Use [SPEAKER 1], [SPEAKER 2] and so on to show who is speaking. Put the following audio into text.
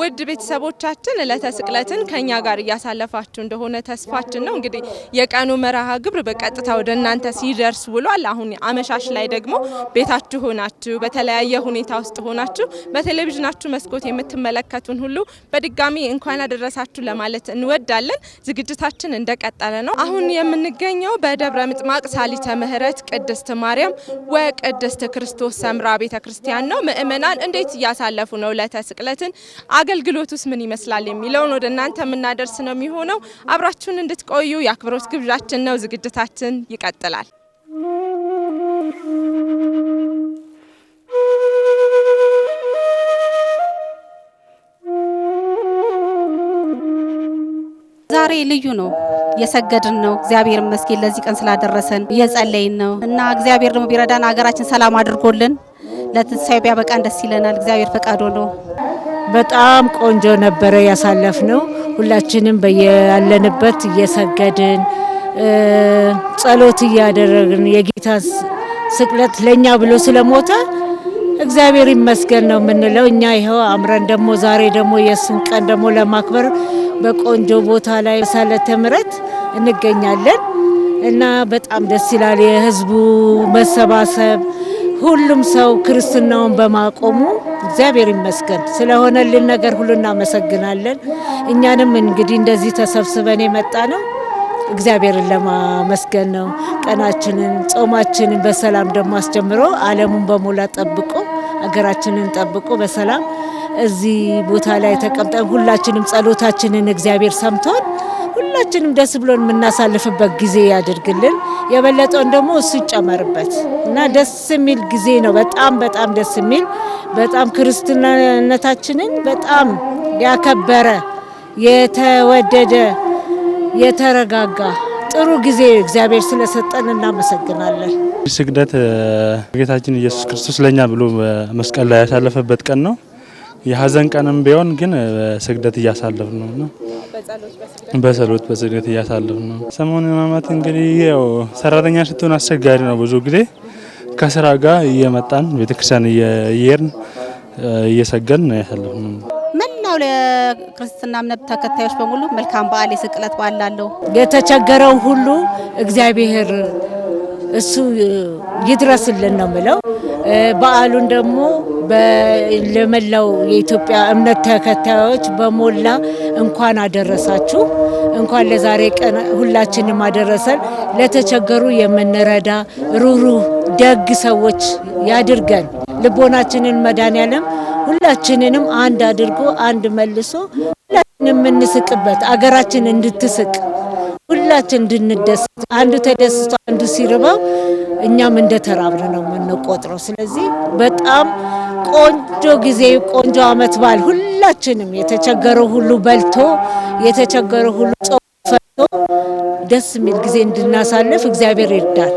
[SPEAKER 1] ውድ ቤተሰቦቻችን ዕለተ ስቅለትን ከኛ ጋር እያሳለፋችሁ እንደሆነ ተስፋችን ነው። እንግዲህ የቀኑ መርሃ ግብር በቀጥታ ወደ እናንተ ሲደርስ ውሏል። አሁን አመሻሽ ላይ ደግሞ ቤታችሁ ሆናችሁ በተለያየ ሁኔታ ውስጥ ሆናችሁ በቴሌቪዥናችሁ መስኮት የምትመለከቱን ሁሉ በድጋሚ እንኳን አደረሳችሁ ለማለት እንወዳለን። ዝግጅታችን እንደቀጠለ ነው። አሁን የምንገኘው በደብረ ምጥማቅ ሳሊተ ምሕረት ቅድስት ማርያም ወቅድስት ክርስቶስ ሰምራ ቤተ ክርስቲያን ነው። ምእመናን እንዴት እያሳለፉ ነው ዕለተ ስቅለትን አገልግሎቱስ ምን ይመስላል የሚለውን ወደ እናንተ የምናደርስ ነው የሚሆነው። አብራችሁን እንድትቆዩ የአክብሮት ግብዣችን ነው። ዝግጅታችን ይቀጥላል።
[SPEAKER 2] ዛሬ ልዩ ነው። የሰገድን ነው። እግዚአብሔር ይመስገን ለዚህ ቀን ስላደረሰን እየጸለይን ነው እና እግዚአብሔር ደግሞ ቢረዳን ሀገራችን ሰላም አድርጎልን ለትንሳኤ ቢያበቃን ደስ ይለናል። እግዚአብሔር ፈቃዶ ነው።
[SPEAKER 3] በጣም ቆንጆ ነበረ ነው። ሁላችንም በያለንበት እየሰገድን ጸሎት እያደረግን የጌታ ስቅለት ለእኛ ብሎ ስለሞተ እግዚአብሔር ይመስገን ነው የምንለው። እኛ ይኸው አምረን ደግሞ ዛሬ ደግሞ የእሱን ቀን ደግሞ ለማክበር በቆንጆ ቦታ ላይ ሳለተ ምሕረት እንገኛለን እና በጣም ደስ ይላል የህዝቡ መሰባሰብ ሁሉም ሰው ክርስትናውን በማቆሙ እግዚአብሔር ይመስገን ስለሆነልን ነገር ሁሉ እናመሰግናለን። እኛንም እንግዲህ እንደዚህ ተሰብስበን የመጣ ነው እግዚአብሔርን ለማመስገን ነው። ቀናችንን ጾማችንን በሰላም ደግሞ አስጀምሮ ዓለሙን በሞላ ጠብቆ ሀገራችንን ጠብቆ በሰላም እዚህ ቦታ ላይ ተቀምጠን ሁላችንም ጸሎታችንን እግዚአብሔር ሰምቶን ሁላችንም ደስ ብሎን የምናሳልፍበት ጊዜ ያድርግልን። የበለጠውን ደግሞ እሱ ይጨመርበት እና ደስ የሚል ጊዜ ነው። በጣም በጣም ደስ የሚል በጣም ክርስትናነታችንን በጣም ያከበረ የተወደደ የተረጋጋ ጥሩ ጊዜ እግዚአብሔር ስለሰጠን እናመሰግናለን።
[SPEAKER 4] ስግደት ጌታችን ኢየሱስ ክርስቶስ ለእኛ ብሎ መስቀል ላይ ያሳለፈበት ቀን ነው። የሀዘን ቀንም ቢሆን ግን ስግደት እያሳለፍ ነው። በጸሎት በስግደት እያሳለፍ ነው። ሰሞኑን ህማማት እንግዲህ ያው ሰራተኛ ስትሆን አስቸጋሪ ነው። ብዙ ጊዜ ከስራ ጋር እየመጣን ቤተክርስቲያን እየየርን እየሰገን ነው ያሳለፍ ነው።
[SPEAKER 2] ምናው ለክርስትና እምነት ተከታዮች በሙሉ መልካም በዓል የስቅለት በዓል ላለው
[SPEAKER 3] የተቸገረው ሁሉ እግዚአብሔር እሱ ይድረስልን ነው ምለው በዓሉን ደግሞ ለመላው የኢትዮጵያ እምነት ተከታዮች በሞላ እንኳን አደረሳችሁ። እንኳን ለዛሬ ቀን ሁላችንም አደረሰን። ለተቸገሩ የምንረዳ ሩህሩህ ደግ ሰዎች ያድርገን። ልቦናችንን መድኃኔዓለም ሁላችንንም አንድ አድርጎ አንድ መልሶ ሁላችን የምንስቅበት አገራችን እንድትስቅ ሁላችን እንድንደሰት አንዱ ተደስቶ አንዱ ሲርባው እኛም እንደ ተራብን ነው የምንቆጥረው። ስለዚህ በጣም ቆንጆ ጊዜ ቆንጆ አመት በዓል ሁላችንም የተቸገረው ሁሉ በልቶ የተቸገረው ሁሉ ጾም ፈቶ ደስ የሚል ጊዜ እንድናሳልፍ እግዚአብሔር ይርዳል።